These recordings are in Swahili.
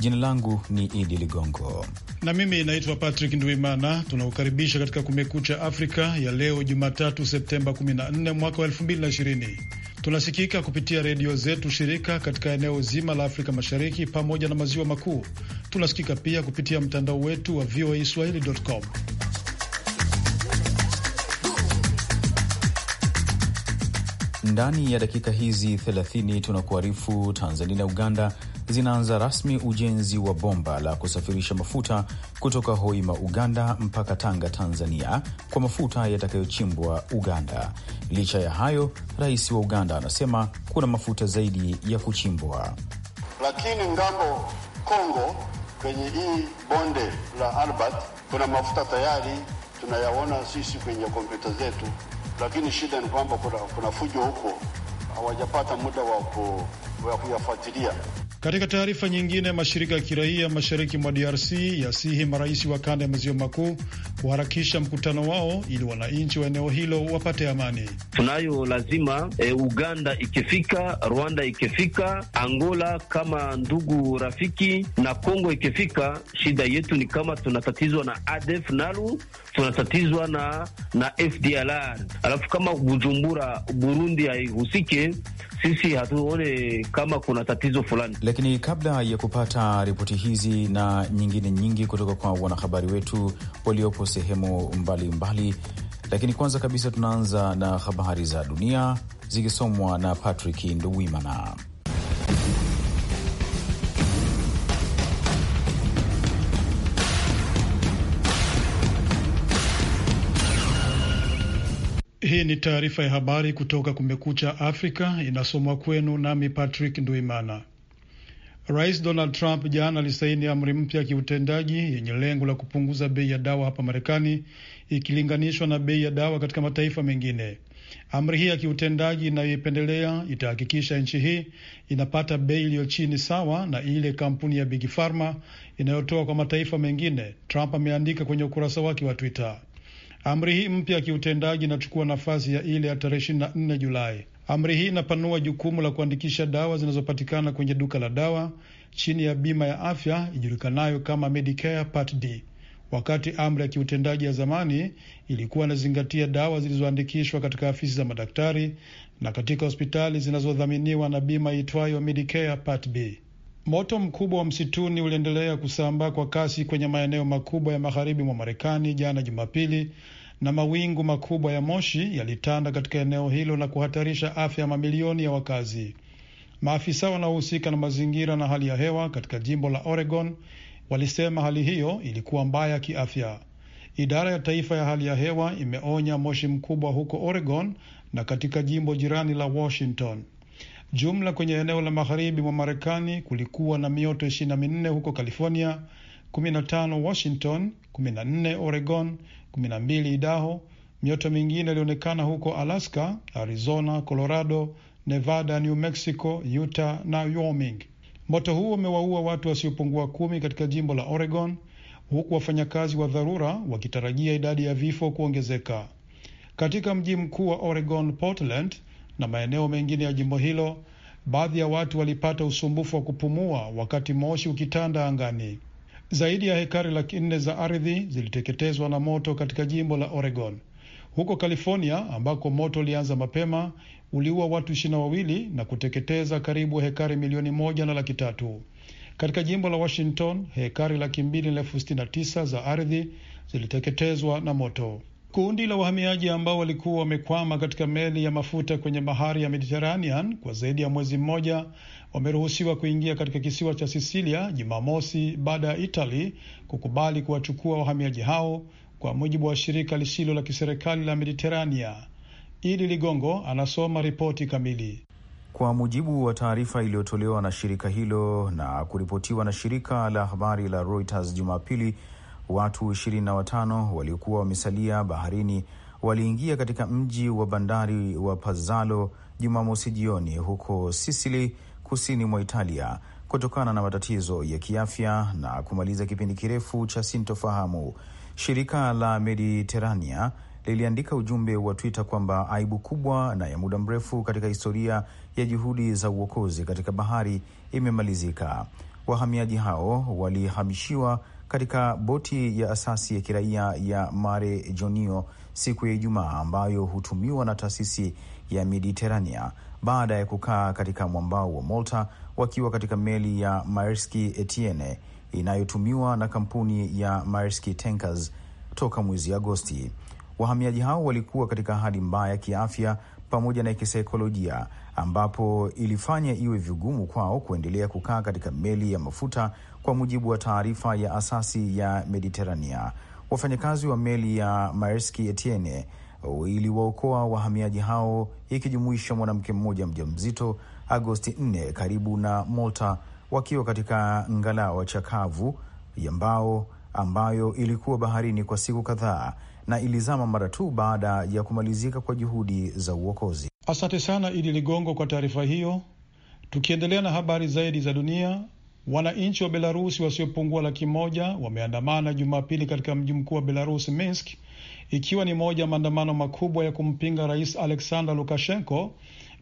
Jina langu ni Idi Ligongo na mimi naitwa Patrick Nduimana. Tunakukaribisha katika Kumekucha Afrika ya leo Jumatatu, Septemba 14 mwaka wa 2020. Tunasikika kupitia redio zetu shirika katika eneo zima la Afrika Mashariki pamoja na maziwa makuu. Tunasikika pia kupitia mtandao wetu wa swahili.com. Ndani ya dakika hizi 30 tunakuarifu Tanzania na Uganda zinaanza rasmi ujenzi wa bomba la kusafirisha mafuta kutoka Hoima, Uganda mpaka Tanga, Tanzania, kwa mafuta yatakayochimbwa Uganda. Licha ya hayo, rais wa Uganda anasema kuna mafuta zaidi ya kuchimbwa, lakini ngambo Kongo kwenye hii bonde la Albert kuna mafuta tayari tunayaona sisi kwenye kompyuta zetu lakini shida ni kwamba kuna, kuna fujo huko, hawajapata muda wa kuyafuatilia. Katika taarifa nyingine, mashirika ya kiraia mashariki mwa DRC yasihi marais wa kanda ya maziwa makuu kuharakisha mkutano wao ili wananchi wa eneo hilo wapate amani. Tunayo lazima e, Uganda ikifika, Rwanda ikifika, Angola kama ndugu rafiki na Kongo ikifika. Shida yetu ni kama tunatatizwa na ADF NALU tunatatizwa na na FDLR, alafu kama Bujumbura Burundi haihusike, sisi hatuone kama kuna tatizo fulani. Lakini kabla ya kupata ripoti hizi na nyingine nyingi kutoka kwa wanahabari wetu waliopo sehemu mbalimbali mbali, lakini kwanza kabisa tunaanza na habari za dunia zikisomwa na Patrick Nduwimana. ni taarifa ya habari kutoka Kumekucha Afrika, inasomwa kwenu nami Patrick Nduimana. Rais Donald Trump jana alisaini amri mpya ya kiutendaji yenye lengo la kupunguza bei ya dawa hapa Marekani ikilinganishwa na bei ya dawa katika mataifa mengine. Amri hii ya kiutendaji inayoipendelea itahakikisha nchi hii inapata bei iliyo chini sawa na ile kampuni ya Big Pharma inayotoa kwa mataifa mengine, Trump ameandika kwenye ukurasa wake wa Twitter. Amri hii mpya ya kiutendaji inachukua nafasi ya ile ya tarehe ishirini na nne Julai. Amri hii inapanua jukumu la kuandikisha dawa zinazopatikana kwenye duka la dawa chini ya bima ya afya ijulikanayo kama Medicare Part D, wakati amri ya kiutendaji ya zamani ilikuwa inazingatia dawa zilizoandikishwa katika afisi za madaktari na katika hospitali zinazodhaminiwa na bima iitwayo Medicare Part B. Moto mkubwa wa msituni uliendelea kusambaa kwa kasi kwenye maeneo makubwa ya magharibi mwa Marekani jana Jumapili, na mawingu makubwa ya moshi yalitanda katika eneo hilo na kuhatarisha afya ya mamilioni ya wakazi. Maafisa wanaohusika na mazingira na hali ya hewa katika jimbo la Oregon walisema hali hiyo ilikuwa mbaya kiafya. Idara ya taifa ya hali ya hewa imeonya moshi mkubwa huko Oregon na katika jimbo jirani la Washington. Jumla kwenye eneo la magharibi mwa Marekani kulikuwa na mioto ishirini na minne huko California, kumi na tano Washington, kumi na nne Oregon, kumi na mbili Idaho. Mioto mingine ilionekana huko Alaska, Arizona, Colorado, Nevada, New Mexico, Utah na Wyoming. Moto huo umewaua watu wasiopungua kumi katika jimbo la Oregon, huku wafanyakazi wa dharura wakitarajia idadi ya vifo kuongezeka. Katika mji mkuu wa Oregon, Portland, na maeneo mengine ya jimbo hilo, baadhi ya watu walipata usumbufu wa kupumua wakati moshi ukitanda angani. Zaidi ya hekari laki nne za ardhi ziliteketezwa na moto katika jimbo la Oregon. Huko California ambako moto ulianza mapema uliua watu ishirini na wawili na kuteketeza karibu hekari milioni moja na laki tatu. Katika jimbo la Washington hekari laki mbili na elfu sitini na tisa za ardhi ziliteketezwa na moto. Kundi la wahamiaji ambao walikuwa wamekwama katika meli ya mafuta kwenye bahari ya Mediterranean kwa zaidi ya mwezi mmoja wameruhusiwa kuingia katika kisiwa cha Sisilia Jumamosi baada ya Italy kukubali kuwachukua wahamiaji hao kwa mujibu wa shirika lisilo la kiserikali la Mediterania. Idi Ligongo anasoma ripoti kamili. Kwa mujibu wa taarifa iliyotolewa na shirika hilo na kuripotiwa na shirika la habari la Reuters Jumapili, Watu 25 waliokuwa wamesalia baharini waliingia katika mji wa bandari wa Pazzalo Jumamosi jioni huko Sisili, kusini mwa Italia, kutokana na matatizo ya kiafya na kumaliza kipindi kirefu cha sintofahamu. Shirika la Mediterania liliandika ujumbe wa Twitter kwamba aibu kubwa na ya muda mrefu katika historia ya juhudi za uokozi katika bahari imemalizika. Wahamiaji hao walihamishiwa katika boti ya asasi ya kiraia ya Mare Jonio siku ya Ijumaa, ambayo hutumiwa na taasisi ya Mediterania baada ya kukaa katika mwambao wa Malta wakiwa katika meli ya Maersk Etienne inayotumiwa na kampuni ya Maersk Tankers toka mwezi Agosti. Wahamiaji hao walikuwa katika hali mbaya kiafya pamoja na kisaikolojia, ambapo ilifanya iwe vigumu kwao kuendelea kukaa katika meli ya mafuta kwa mujibu wa taarifa ya asasi ya Mediterania. Wafanyakazi wa meli ya Maersk Etienne iliwaokoa wahamiaji hao ikijumuisha mwanamke mmoja mjamzito Agosti 4 karibu na Malta wakiwa katika ngalawa chakavu ya mbao ambayo ilikuwa baharini kwa siku kadhaa na ilizama mara tu baada ya kumalizika kwa juhudi za uokozi. Asante sana Idi Ligongo kwa taarifa hiyo. Tukiendelea na habari zaidi za dunia, Wananchi wa Belarusi wasiopungua laki moja wameandamana Jumapili katika mji mkuu wa Belarus, Minsk, ikiwa ni moja ya maandamano makubwa ya kumpinga Rais Alexander Lukashenko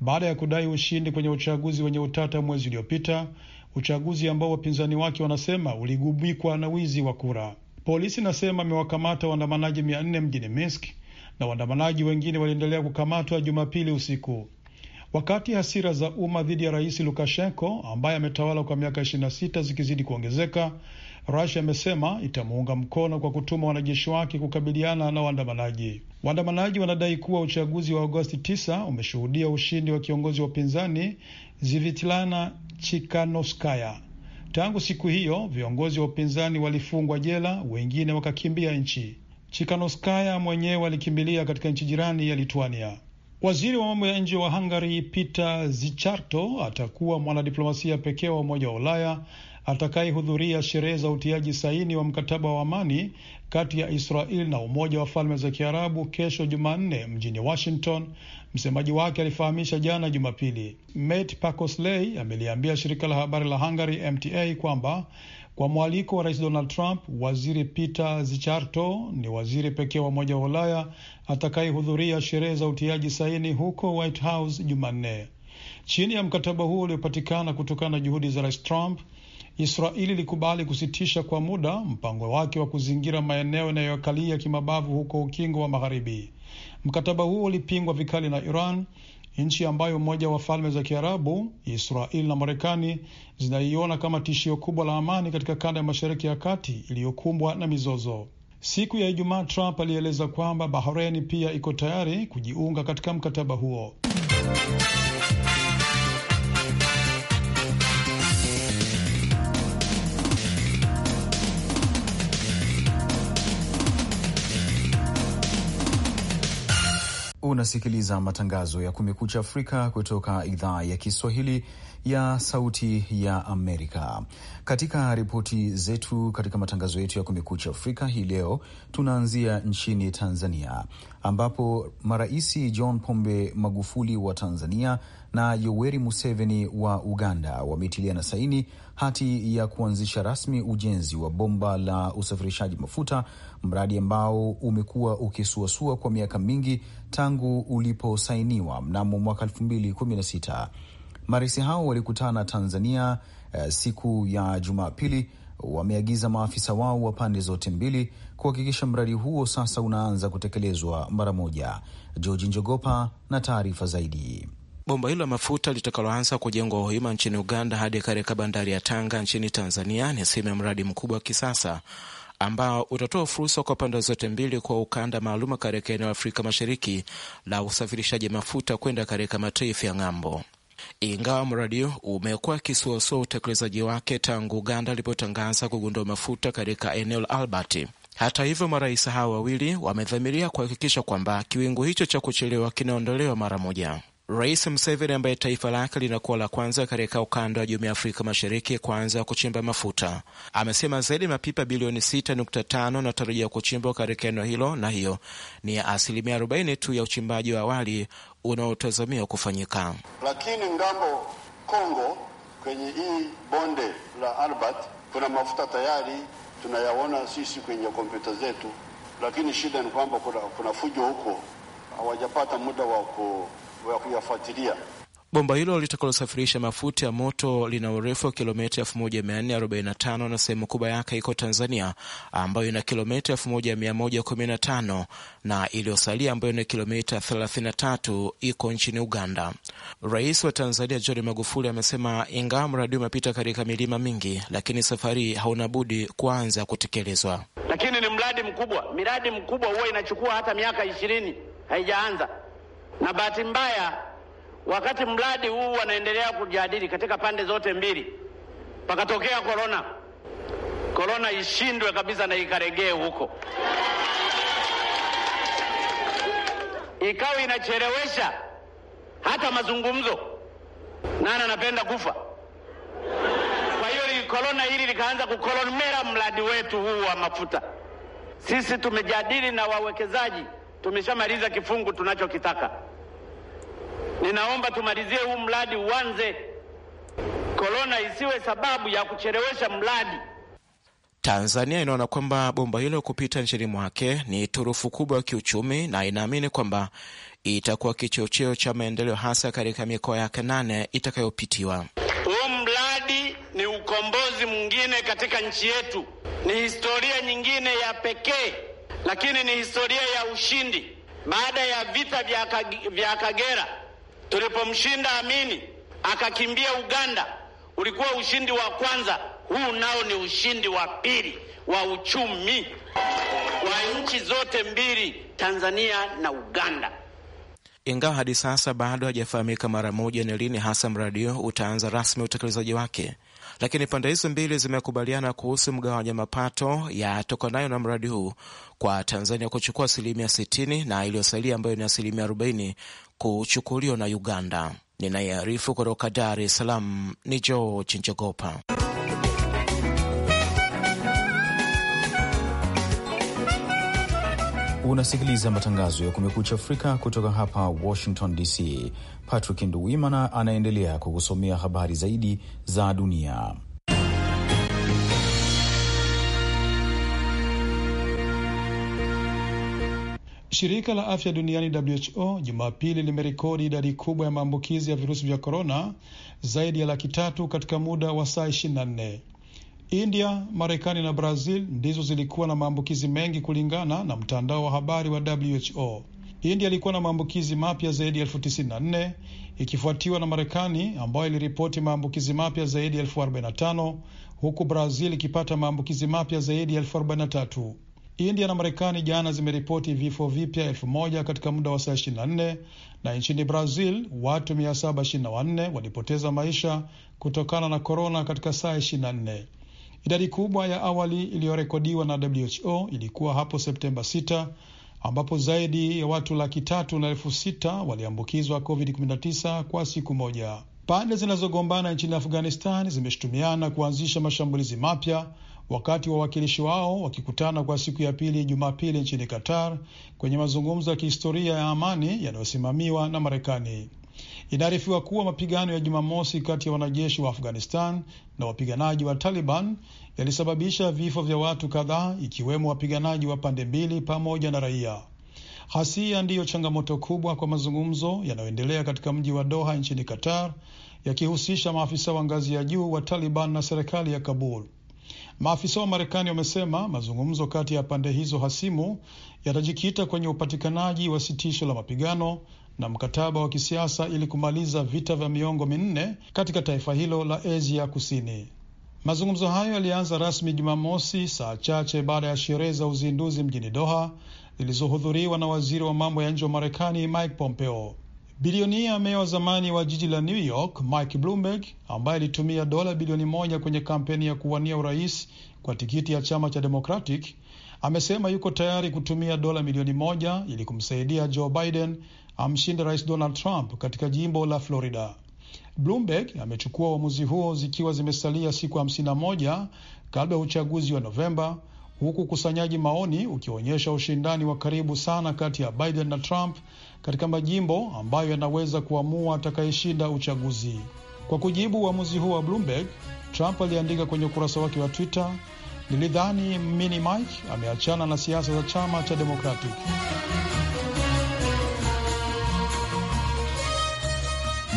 baada ya kudai ushindi kwenye uchaguzi wenye utata mwezi uliopita, uchaguzi ambao wapinzani wake wanasema uligubikwa na wizi wa kura. Polisi inasema amewakamata waandamanaji mia nne mjini Minsk na waandamanaji wengine waliendelea kukamatwa Jumapili usiku. Wakati hasira za umma dhidi ya rais Lukashenko ambaye ametawala kwa miaka 26 zikizidi kuongezeka, Rusia amesema itamuunga mkono kwa kutuma wanajeshi wake kukabiliana na waandamanaji. Waandamanaji wanadai kuwa uchaguzi wa Agosti 9 umeshuhudia ushindi wa kiongozi wa upinzani Zivitlana Chikanoskaya. Tangu siku hiyo viongozi wa upinzani walifungwa jela, wengine wakakimbia nchi. Chikanoskaya mwenyewe alikimbilia katika nchi jirani ya Lituania. Waziri wa mambo ya nje wa Hungary Peter Zicharto atakuwa mwanadiplomasia pekee wa Umoja wa Ulaya atakayehudhuria sherehe za utiaji saini wa mkataba wa amani kati ya Israel na Umoja wa Falme za Kiarabu kesho Jumanne mjini Washington. Msemaji wake alifahamisha jana Jumapili. Mate Pakosley ameliambia shirika la habari la Hungary MTA kwamba kwa mwaliko wa rais Donald Trump, waziri Peter Zicharto ni waziri pekee wa Umoja wa Ulaya atakayehudhuria sherehe za utiaji saini huko White House Jumanne. Chini ya mkataba huo uliopatikana kutokana na juhudi za rais Trump, Israeli ilikubali kusitisha kwa muda mpango wake wa kuzingira maeneo yanayokalia kimabavu huko Ukingo wa Magharibi. Mkataba huo ulipingwa vikali na Iran nchi ambayo Umoja wa Falme za Kiarabu, Israel na Marekani zinaiona kama tishio kubwa la amani katika kanda ya Mashariki ya Kati iliyokumbwa na mizozo. Siku ya Ijumaa, Trump alieleza kwamba Bahrein pia iko tayari kujiunga katika mkataba huo. unasikiliza matangazo ya Kumekucha Afrika kutoka idhaa ya Kiswahili ya Sauti ya Amerika. Katika ripoti zetu katika matangazo yetu ya Kumekucha Afrika hii leo, tunaanzia nchini Tanzania ambapo Marais John Pombe Magufuli wa Tanzania na Yoweri Museveni wa Uganda wametilia na saini hati ya kuanzisha rasmi ujenzi wa bomba la usafirishaji mafuta, mradi ambao umekuwa ukisuasua kwa miaka mingi tangu uliposainiwa mnamo mwaka 2016. Marais hao walikutana Tanzania eh, siku ya Jumapili. Wameagiza maafisa wao wa pande zote mbili kuhakikisha mradi huo sasa unaanza kutekelezwa mara moja. Georgi Njogopa na taarifa zaidi. Bomba hilo la mafuta litakaloanza kujengwa Hoima nchini Uganda hadi katika bandari ya Tanga nchini Tanzania ni sehemu ya mradi mkubwa wa kisasa ambao utatoa fursa kwa pande zote mbili kwa ukanda maalum katika eneo Afrika Mashariki la usafirishaji mafuta kwenda katika mataifa ya ng'ambo. Ingawa mradi umekuwa kisuasua utekelezaji wake tangu Uganda alipotangaza kugundua mafuta katika eneo la Albert. Hata hivyo, marais hawa wawili wamedhamiria kuhakikisha kwamba kiwingu hicho cha kuchelewa kinaondolewa mara moja. Rais Museveni ambaye taifa lake linakuwa la kwanza katika ukanda wa jumuiya ya Afrika Mashariki kuanza kuchimba mafuta amesema zaidi mapipa bilioni 6.5 natarajia kuchimbwa katika eneo hilo, na hiyo ni asilimia 40 tu ya uchimbaji wa awali unaotazamiwa kufanyika. Lakini ngambo Kongo, kwenye hii bonde la Albert, kuna mafuta tayari tunayaona sisi kwenye kompyuta zetu, lakini shida ni kwamba kuna, kuna fujo huko, hawajapata muda wa ku wa kuyafuatilia. Bomba hilo litakalosafirisha mafuta ya moto lina urefu wa kilomita 1445 na sehemu kubwa yake iko Tanzania, ambayo ina kilomita 1115 na iliyosalia ambayo ni kilomita 33 iko nchini Uganda. Rais wa Tanzania John Magufuli amesema ingawa mradi umepita katika milima mingi, lakini safari hauna budi kuanza kutekelezwa. Lakini ni mradi mkubwa, miradi mkubwa huwa inachukua hata miaka ishirini haijaanza na bahati mbaya, wakati mradi huu wanaendelea kujadili katika pande zote mbili, pakatokea korona. Korona ishindwe kabisa na ikaregee huko, ikawa inachelewesha hata mazungumzo. Nani anapenda kufa? Kwa hiyo korona hili likaanza kukolomera mradi wetu huu wa mafuta. Sisi tumejadili na wawekezaji, tumeshamaliza kifungu tunachokitaka. Ninaomba tumalizie huu mradi uanze, korona isiwe sababu ya kuchelewesha mradi. Tanzania inaona kwamba bomba hilo kupita nchini mwake ni turufu kubwa ya kiuchumi na inaamini kwamba itakuwa kichocheo cha maendeleo hasa katika mikoa yake nane itakayopitiwa. Huu mradi ni ukombozi mwingine katika nchi yetu, ni historia nyingine ya pekee, lakini ni historia ya ushindi baada ya vita vya Kagera. Tulipomshinda Amini akakimbia Uganda, ulikuwa ushindi wa kwanza. Huu nao ni ushindi wa pili wa uchumi wa nchi zote mbili, Tanzania na Uganda. Ingawa hadi sasa bado hajafahamika mara moja ni lini hasa mradi huo utaanza rasmi utekelezaji wake, lakini pande hizo mbili zimekubaliana kuhusu mgawanya mapato yatokanayo na mradi huu, kwa Tanzania kuchukua asilimia 60 na iliyosalia ambayo ni asilimia 40 kuchukuliwa na Uganda. Ninayearifu kutoka Dar es Salaam ni George Njogopa. Unasikiliza matangazo ya Kumekucha Afrika kutoka hapa Washington DC. Patrick Nduwimana anaendelea kukusomea habari zaidi za dunia. Shirika la afya duniani WHO Jumapili limerekodi idadi kubwa ya maambukizi ya virusi vya korona, zaidi ya laki tatu katika muda wa saa 24. India, Marekani na Brazil ndizo zilikuwa na maambukizi mengi kulingana na mtandao wa habari wa WHO. India ilikuwa na maambukizi mapya zaidi ya elfu tisini na nne ikifuatiwa na Marekani ambayo iliripoti maambukizi mapya zaidi ya elfu arobaini na tano huku Brazil ikipata maambukizi mapya zaidi ya elfu arobaini na tatu. India na Marekani jana zimeripoti vifo vipya elfu moja katika muda wa saa 24 na nchini Brazil watu 724 walipoteza maisha kutokana na korona katika saa 24. Idadi kubwa ya awali iliyorekodiwa na WHO ilikuwa hapo Septemba 6 ambapo zaidi ya watu laki tatu na elfu sita waliambukizwa COVID-19 kwa siku moja. Pande zinazogombana nchini Afghanistan zimeshutumiana kuanzisha mashambulizi mapya wakati wawakilishi wao wakikutana kwa siku ya pili Jumapili nchini Qatar kwenye mazungumzo ya kihistoria ya amani yanayosimamiwa na Marekani. Inaarifiwa kuwa mapigano ya Jumamosi kati ya wanajeshi wa Afghanistan na wapiganaji wa Taliban yalisababisha vifo vya watu kadhaa, ikiwemo wapiganaji wa pande mbili pamoja na raia. Hasia ndiyo changamoto kubwa kwa mazungumzo yanayoendelea katika mji wa Doha nchini Qatar, yakihusisha maafisa wa ngazi ya juu wa Taliban na serikali ya Kabul. Maafisa wa Marekani wamesema mazungumzo kati ya pande hizo hasimu yatajikita kwenye upatikanaji wa sitisho la mapigano na mkataba wa kisiasa ili kumaliza vita vya miongo minne katika taifa hilo la Asia Kusini. Mazungumzo hayo yalianza rasmi Jumamosi, saa chache baada ya sherehe za uzinduzi mjini Doha zilizohudhuriwa na waziri wa mambo ya nje wa Marekani Mike Pompeo. Bilionia meya wa zamani wa jiji la New York Mike Bloomberg, ambaye alitumia dola bilioni moja kwenye kampeni ya kuwania urais kwa tikiti ya chama cha Democratic, amesema yuko tayari kutumia dola milioni moja ili kumsaidia Joe Biden amshinde Rais Donald Trump katika jimbo la Florida. Bloomberg amechukua uamuzi huo zikiwa zimesalia siku hamsini moja kabla ya uchaguzi wa Novemba, huku ukusanyaji maoni ukionyesha ushindani wa karibu sana kati ya Biden na Trump katika majimbo ambayo yanaweza kuamua atakayeshinda uchaguzi. Kwa kujibu uamuzi huo wa Bloomberg, Trump aliandika kwenye ukurasa wake wa Twitter, nilidhani Mini Mike ameachana na siasa za chama cha Democratic.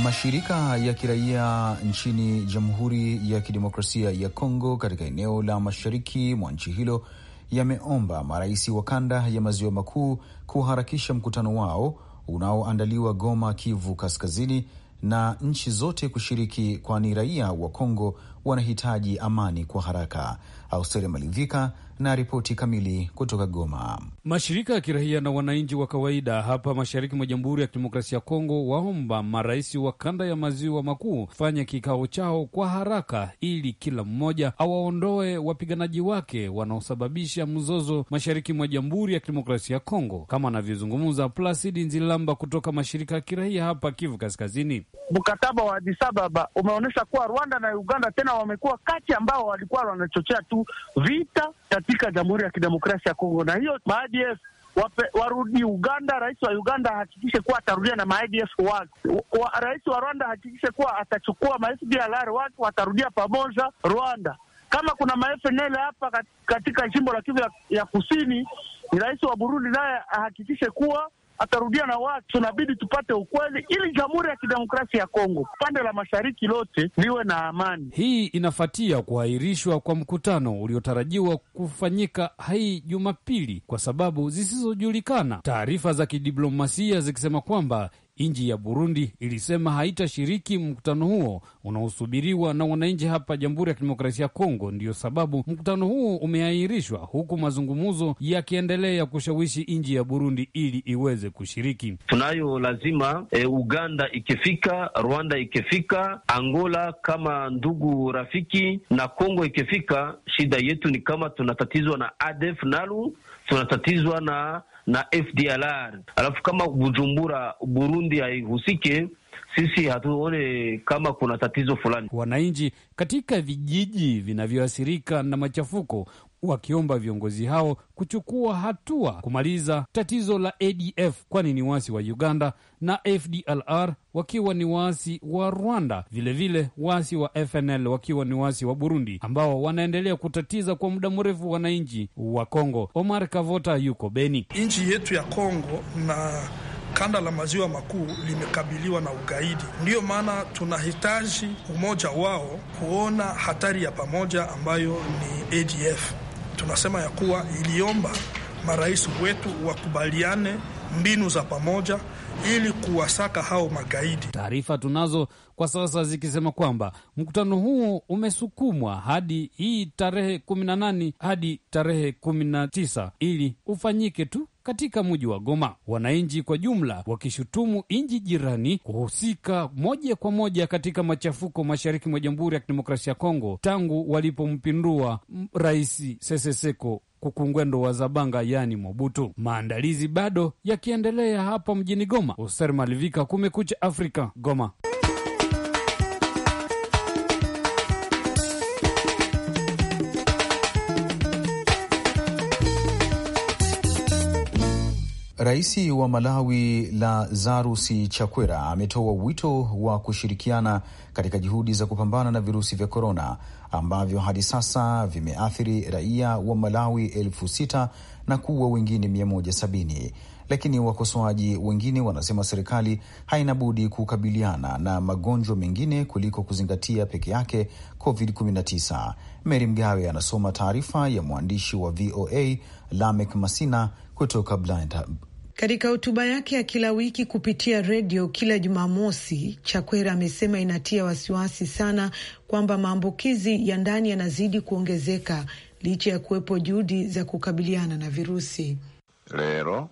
Mashirika ya kiraia nchini Jamhuri ya Kidemokrasia ya Kongo katika eneo la mashariki mwa nchi hilo yameomba marais wa kanda ya maziwa makuu kuharakisha mkutano wao unaoandaliwa Goma, Kivu Kaskazini, na nchi zote kushiriki, kwani raia wa Kongo wanahitaji amani kwa haraka. austeria Malivika na ripoti kamili kutoka Goma. Mashirika ya kiraia na wananchi wa kawaida hapa mashariki mwa Jamhuri ya Kidemokrasia ya Kongo waomba marais wa kanda ya maziwa makuu fanya kikao chao kwa haraka ili kila mmoja awaondoe wapiganaji wake wanaosababisha mzozo mashariki mwa Jamhuri ya Kidemokrasia ya Kongo, kama anavyozungumza Plasidi Nzilamba kutoka mashirika ya kiraia hapa Kivu Kaskazini. Mkataba wa Addis Ababa umeonyesha kuwa Rwanda na Uganda tena wamekuwa kati ambao walikuwa wanachochea tu vita katika Jamhuri ya Kidemokrasia ya Kongo. Na hiyo maadf warudi Uganda, rais wa Uganda ahakikishe kuwa atarudia na maadf wake wa, rais wa Rwanda ahakikishe kuwa atachukua mafdlr wake watarudia pamoja Rwanda. Kama kuna mafnl hapa katika jimbo la Kivu ya, ya kusini, ni rais wa Burundi naye ahakikishe kuwa atarudia na watu, tunabidi tupate ukweli ili Jamhuri ya Kidemokrasia ya Kongo upande la mashariki lote liwe na amani. Hii inafuatia kuahirishwa kwa mkutano uliotarajiwa kufanyika hii Jumapili kwa sababu zisizojulikana, taarifa za kidiplomasia zikisema kwamba Nchi ya Burundi ilisema haitashiriki mkutano huo unaosubiriwa na wananchi hapa Jamhuri ya Kidemokrasia ya Kongo. Ndiyo sababu mkutano huo umeahirishwa, huku mazungumzo yakiendelea kushawishi nchi ya Burundi ili iweze kushiriki. Tunayo lazima e, Uganda ikifika, Rwanda ikifika, Angola kama ndugu rafiki na Kongo ikifika. Shida yetu ni kama tunatatizwa na ADF NALU, tunatatizwa na na FDLR. Alafu kama Bujumbura Burundi haihusiki sisi hatuone kama kuna tatizo fulani. Wananchi katika vijiji vinavyoathirika na machafuko wakiomba viongozi hao kuchukua hatua kumaliza tatizo la ADF, kwani ni waasi wa Uganda na FDLR wakiwa ni waasi wa Rwanda, vilevile waasi wa FNL wakiwa ni waasi wa Burundi, ambao wanaendelea kutatiza kwa muda mrefu wananchi wa Kongo. Omar Kavota yuko Beni. Nchi yetu ya Kongo na kanda la maziwa makuu limekabiliwa na ugaidi. Ndiyo maana tunahitaji umoja wao kuona hatari ya pamoja ambayo ni ADF tunasema ya kuwa iliomba marais wetu wakubaliane mbinu za pamoja ili kuwasaka hao magaidi. Taarifa tunazo kwa sasa zikisema kwamba mkutano huo umesukumwa hadi hii tarehe kumi na nane hadi tarehe kumi na tisa ili ufanyike tu katika mji wa Goma, wananchi kwa jumla wakishutumu nchi jirani kuhusika moja kwa moja katika machafuko mashariki mwa Jamhuri ya Kidemokrasia ya Kongo tangu walipompindua Rais seseseko Kukungwendo wa Zabanga yani Mobutu. Maandalizi bado yakiendelea hapa mjini Goma. Hoser Malivika, Kumekucha Afrika, Goma. Rais wa Malawi Lazarus Chakwera ametoa wito wa kushirikiana katika juhudi za kupambana na virusi vya korona ambavyo hadi sasa vimeathiri raia wa Malawi elfu sita na kuwa wengine 170 lakini wakosoaji wengine wanasema serikali haina budi kukabiliana na magonjwa mengine kuliko kuzingatia peke yake COVID-19. Meri Mgawe anasoma taarifa ya mwandishi wa VOA Lamek Masina kutoka Blantyre. Katika hotuba yake ya kila wiki kupitia redio kila Jumamosi, Chakwera amesema inatia wasiwasi sana kwamba maambukizi ya ndani yanazidi kuongezeka licha ya kuwepo juhudi za kukabiliana na virusi. Lero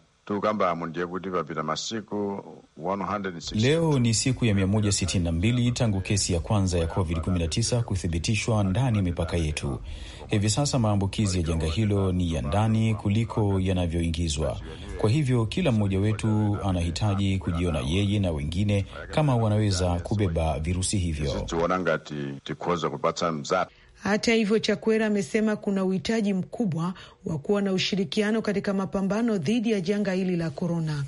Leo ni siku ya 162 tangu kesi ya kwanza ya COVID-19 kuthibitishwa ndani ya mipaka yetu. Hivi sasa maambukizi ya janga hilo ni ya ndani kuliko yanavyoingizwa. Kwa hivyo kila mmoja wetu anahitaji kujiona yeye na wengine kama wanaweza kubeba virusi hivyo. Hata hivyo, Chakwera amesema kuna uhitaji mkubwa wa kuwa na ushirikiano katika mapambano dhidi ya janga hili la korona.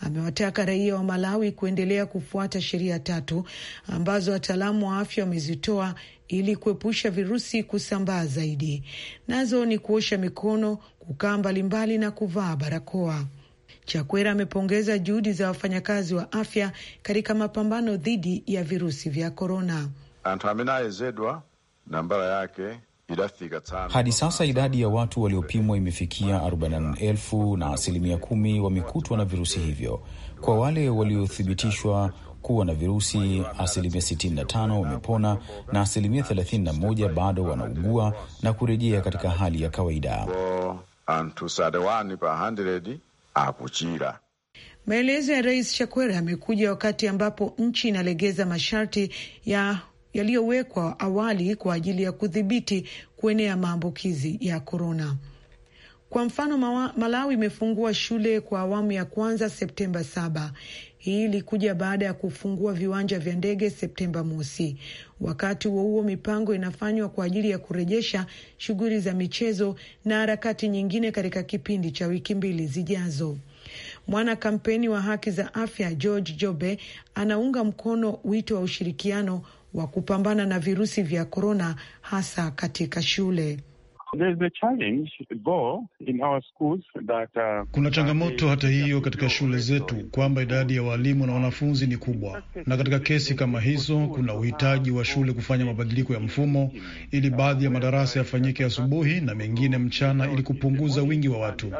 Amewataka raia wa Malawi kuendelea kufuata sheria tatu ambazo wataalamu wa afya wamezitoa ili kuepusha virusi kusambaa zaidi. Nazo ni kuosha mikono, kukaa mbalimbali na kuvaa barakoa. Chakwera amepongeza juhudi za wafanyakazi wa afya katika mapambano dhidi ya virusi vya korona nambara yake hadi sasa idadi ya watu waliopimwa imefikia 44,000 na asilimia kumi wamekutwa na virusi hivyo. Kwa wale waliothibitishwa kuwa na virusi, asilimia 65 wamepona na asilimia 31 bado wanaugua na kurejea katika hali ya kawaida. Maelezo ya Rais Chakwera amekuja wakati ambapo nchi inalegeza masharti ya yaliyowekwa awali kwa ajili ya kudhibiti kuenea maambukizi ya korona. Kwa mfano, Malawi imefungua shule kwa awamu ya kwanza Septemba saba. Hii ilikuja baada ya kufungua viwanja vya ndege Septemba mosi. Wakati huo huo, mipango inafanywa kwa ajili ya kurejesha shughuli za michezo na harakati nyingine katika kipindi cha wiki mbili zijazo. Mwana kampeni wa haki za afya George Jobe anaunga mkono wito wa ushirikiano wa kupambana na virusi vya korona hasa katika shule. Uh, kuna changamoto hata hiyo katika shule zetu kwamba idadi ya walimu na wanafunzi ni kubwa, na katika kesi kama hizo kuna uhitaji wa shule kufanya mabadiliko ya mfumo ili baadhi ya madarasa yafanyike asubuhi ya na mengine mchana ili kupunguza wingi wa watu.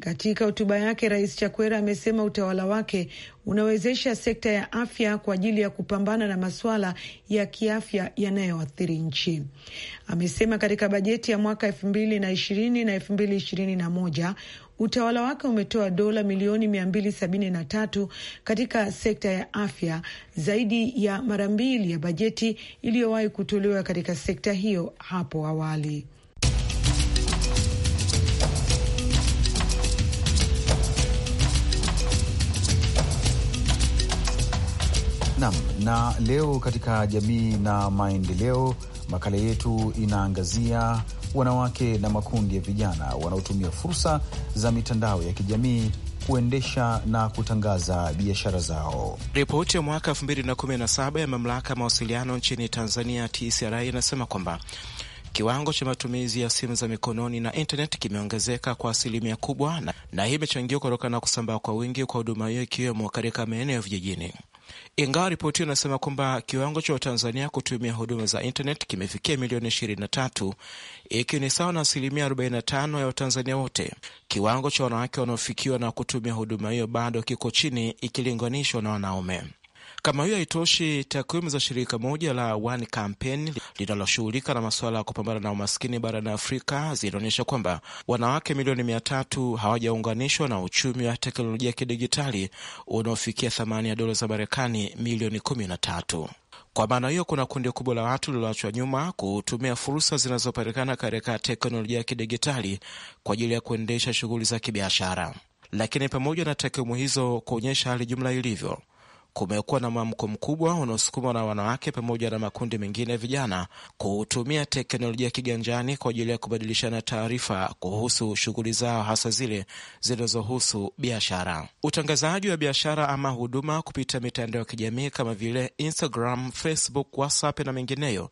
Katika hotuba yake, Rais Chakwera amesema utawala wake unawezesha sekta ya afya kwa ajili ya kupambana na masuala ya kiafya yanayoathiri nchi, amesema. Katika bajeti ya mwaka elfu mbili na ishirini na elfu mbili ishirini na moja utawala wake umetoa dola milioni mia mbili sabini na tatu katika sekta ya afya, zaidi ya mara mbili ya bajeti iliyowahi kutolewa katika sekta hiyo hapo awali. Nam na leo katika jamii na maendeleo, makala yetu inaangazia wanawake na makundi ya vijana wanaotumia fursa za mitandao ya kijamii kuendesha na kutangaza biashara zao. Ripoti ya mwaka 2017 ya mamlaka ya mawasiliano nchini Tanzania TCRA inasema kwamba kiwango cha matumizi ya simu za mikononi na intnet kimeongezeka kwa asilimia kubwa, na hii imechangiwa kutokana na kusambaa kwa wingi kwa huduma hiyo ikiwemo katika maeneo ya vijijini ingawa ripoti hiyo inasema kwamba kiwango cha Watanzania kutumia huduma za intanet kimefikia milioni 23, ikiwa ni sawa na asilimia 45 ya Watanzania wote. Kiwango cha wanawake wanaofikiwa na kutumia huduma hiyo bado kiko chini ikilinganishwa na wanaume. Kama hiyo haitoshi, takwimu za shirika moja la One Campaign linaloshughulika na masuala ya kupambana na umaskini barani Afrika zinaonyesha kwamba wanawake milioni mia tatu hawajaunganishwa na uchumi wa teknolojia ya kidijitali unaofikia thamani ya dola za Marekani milioni kumi na tatu. Kwa maana hiyo kuna kundi kubwa la watu lililoachwa nyuma kutumia fursa zinazopatikana katika teknolojia ya kidigitali kwa ajili ya kuendesha shughuli za kibiashara. Lakini pamoja na takwimu hizo kuonyesha hali jumla ilivyo kumekuwa na mwamko mkubwa unaosukumwa na wanawake pamoja na makundi mengine ya vijana kutumia teknolojia kiganjani kwa ajili ya kubadilishana taarifa kuhusu shughuli zao, hasa zile zinazohusu biashara, utangazaji wa biashara ama huduma kupitia mitandao ya kijamii kama vile Instagram, Facebook, WhatsApp na mengineyo.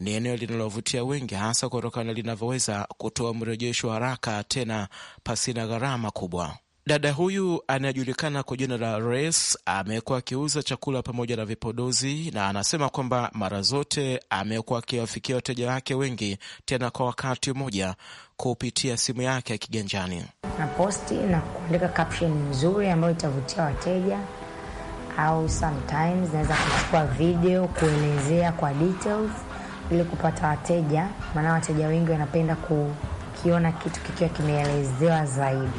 Ni eneo linalovutia wengi, hasa kutokana linavyoweza kutoa mrejesho haraka, tena pasina gharama kubwa. Dada huyu anayejulikana kwa jina la Res amekuwa akiuza chakula pamoja na vipodozi, na anasema kwamba mara zote amekuwa akiwafikia wateja wake wengi, tena kwa wakati mmoja, kupitia simu yake ya kiganjani. Na posti na kuandika caption nzuri ambayo itavutia wateja, au sometimes naweza kuchukua video kuelezea kwa details ili kupata wateja, maana wateja wengi wanapenda kukiona kitu kikiwa kimeelezewa zaidi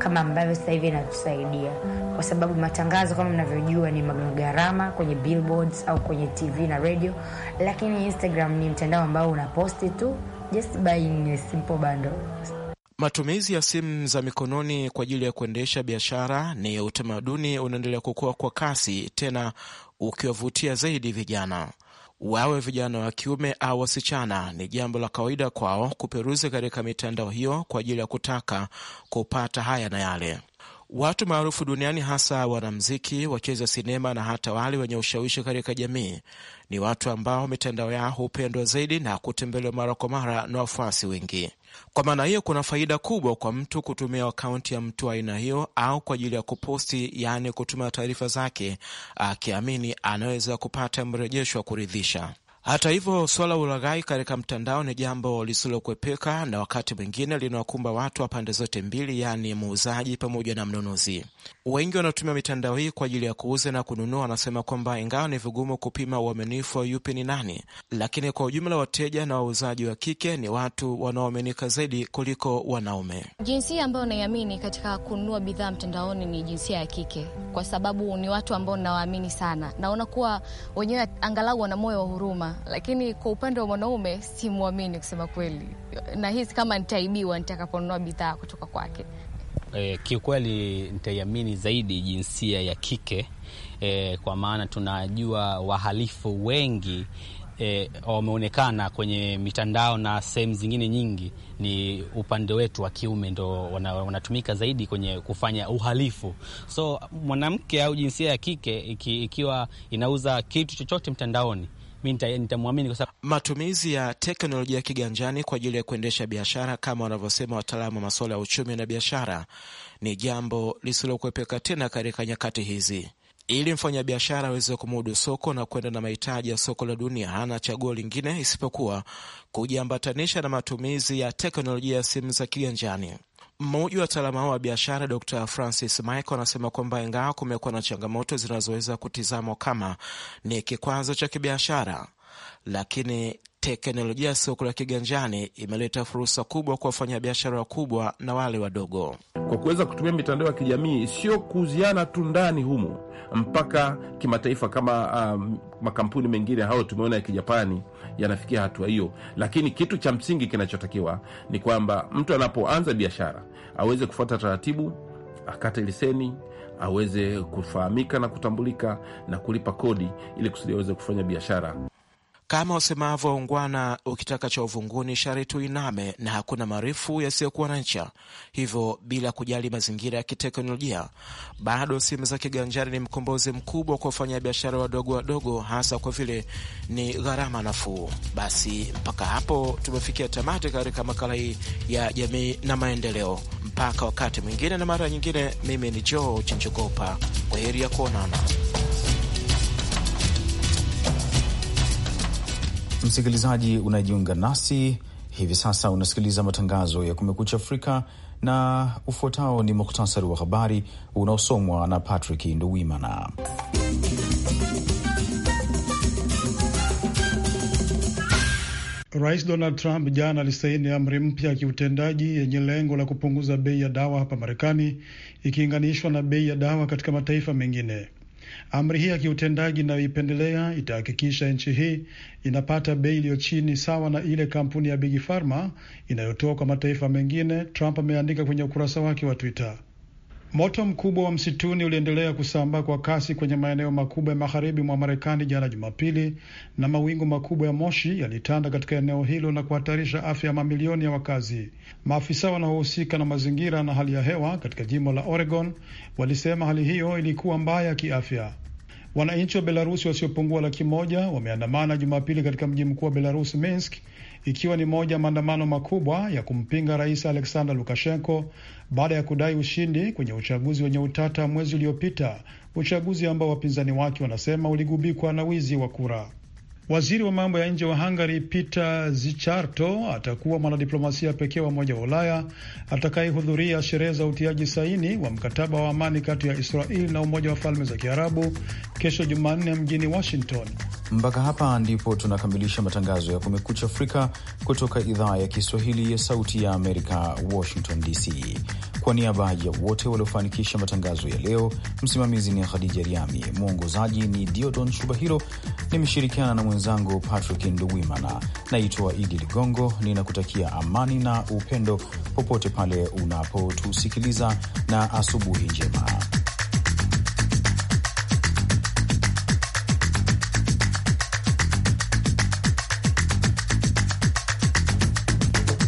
kama ambavyo sasa hivi inatusaidia, kwa sababu matangazo kama mnavyojua ni gharama kwenye billboards au kwenye TV na radio, lakini Instagram ni mtandao ambao unaposti tu just buying a simple bundle. Matumizi ya simu za mikononi kwa ajili ya kuendesha biashara ni utamaduni unaendelea kukua kwa kasi, tena ukiwavutia zaidi vijana wawe vijana wa kiume au wasichana, ni jambo la kawaida kwao kuperuzi katika mitandao hiyo kwa ajili ya kutaka kupata haya na yale. Watu maarufu duniani, hasa wanamziki, wacheza sinema na hata wale wenye ushawishi katika jamii, ni watu ambao mitandao yao hupendwa zaidi na kutembelewa mara kwa mara na wafuasi wengi. Kwa maana hiyo, kuna faida kubwa kwa mtu kutumia akaunti ya mtu wa aina hiyo au kwa ajili ya kuposti, yaani kutuma taarifa zake, akiamini anaweza kupata mrejesho wa kuridhisha. Hata hivyo, suala ulaghai katika mtandao ni jambo lisilokwepeka na wakati mwingine linawakumba watu wa pande zote mbili, yaani muuzaji pamoja na mnunuzi. Wengi wanaotumia mitandao hii kwa ajili ya kuuza na kununua wanasema kwamba ingawa ni vigumu kupima uaminifu wa yupi ni nani, lakini kwa ujumla wateja na wauzaji wa kike ni watu wanaoaminika zaidi kuliko wanaume. Jinsia ambayo naiamini katika kununua bidhaa mtandaoni ni jinsia ya kike, kwa sababu ni watu ambao nawaamini sana, naona kuwa wenyewe angalau wana moyo wa huruma lakini kwa upande wa mwanaume simwamini kusema kweli, nahisi kama nitaibiwa nitakaponunua bidhaa kutoka kwake. E, kiukweli nitaiamini zaidi jinsia ya kike e, kwa maana tunajua wahalifu wengi E, wameonekana kwenye mitandao na sehemu zingine nyingi, ni upande wetu wa kiume ndo wanatumika zaidi kwenye kufanya uhalifu. So mwanamke au jinsia ya kike iki, ikiwa inauza kitu chochote mtandaoni nitamwamini kwa sababu matumizi ya teknolojia kiganjani kwa ajili ya kuendesha biashara kama wanavyosema wataalamu wa masuala ya uchumi na biashara ni jambo lisilokuepeka tena katika nyakati hizi. Ili mfanyabiashara aweze kumudu soko na kwenda na mahitaji ya soko la dunia, hana chaguo lingine isipokuwa kujiambatanisha na matumizi ya teknolojia ya simu za kiganjani. Mmoja wa wataalamu wa biashara Dr Francis Michael anasema kwamba ingawa kumekuwa na changamoto zinazoweza kutizamwa kama ni kikwazo cha kibiashara, lakini teknolojia ya soko la kiganjani imeleta fursa kubwa kwa wafanyabiashara wakubwa na wale wadogo, kwa kuweza kutumia mitandao ya kijamii, sio kuuziana tu ndani humu, mpaka kimataifa kama um, makampuni mengine hayo tumeona ya kijapani yanafikia hatua hiyo. Lakini kitu cha msingi kinachotakiwa ni kwamba mtu anapoanza biashara aweze kufuata taratibu, akate leseni aweze kufahamika na kutambulika na kulipa kodi ili kusudi aweze kufanya biashara. Kama wasemavyo waungwana, ukitaka cha uvunguni sharti uiname, na hakuna marefu yasiyokuwa na ncha. Hivyo, bila kujali mazingira ya kiteknolojia, bado simu za kiganjani ni mkombozi mkubwa kwa wafanyabiashara wadogo wadogo, hasa kwa vile ni gharama nafuu. Basi mpaka hapo tumefikia tamati katika makala hii ya jamii na maendeleo. Mpaka wakati mwingine na mara nyingine, mimi ni Joe Chinjogopa. Kwa heri ya kuonana. Msikilizaji unajiunga nasi hivi sasa, unasikiliza matangazo ya Kumekucha Afrika na ufuatao ni muhtasari wa habari unaosomwa na Patrick Nduwimana. Rais Donald Trump jana alisaini amri mpya ya kiutendaji yenye lengo la kupunguza bei ya dawa hapa Marekani ikiinganishwa na bei ya dawa katika mataifa mengine. Amri hii ya kiutendaji inayoipendelea itahakikisha nchi hii inapata bei iliyo chini sawa na ile kampuni ya Big Pharma inayotoa kwa mataifa mengine, Trump ameandika kwenye ukurasa wake wa Twitter. Moto mkubwa wa msituni uliendelea kusambaa kwa kasi kwenye maeneo makubwa ya magharibi mwa Marekani jana Jumapili, na mawingu makubwa ya moshi yalitanda katika eneo hilo na kuhatarisha afya ya mamilioni ya wakazi. Maafisa wanaohusika na mazingira na hali ya hewa katika jimbo la Oregon walisema hali hiyo ilikuwa mbaya kiafya. Wananchi wa Belarusi wasiopungua laki moja wameandamana Jumapili katika mji mkuu wa Belarusi, Minsk, ikiwa ni moja maandamano makubwa ya kumpinga Rais Alexander Lukashenko baada ya kudai ushindi kwenye uchaguzi wenye utata mwezi uliopita, uchaguzi ambao wapinzani wake wanasema uligubikwa na wizi wa kura. Waziri wa mambo ya nje wa Hungary Peter Zicharto atakuwa mwanadiplomasia pekee wa Umoja wa Ulaya atakayehudhuria sherehe za utiaji saini wa mkataba wa amani kati ya Israel na Umoja wa Falme za Kiarabu kesho Jumanne mjini Washington. Mpaka hapa ndipo tunakamilisha matangazo ya Kumekucha Afrika kutoka idhaa ya Kiswahili ya Sauti ya Amerika, Washington DC. Kwa niaba ya wote waliofanikisha matangazo ya leo, msimamizi ni Khadija Riami, mwongozaji ni Diodon Shubahiro, nimeshirikiana na mwenzi mwenzangu Patrick Nduwimana. Naitwa Idi Ligongo, ninakutakia amani na upendo popote pale unapotusikiliza, na asubuhi njema.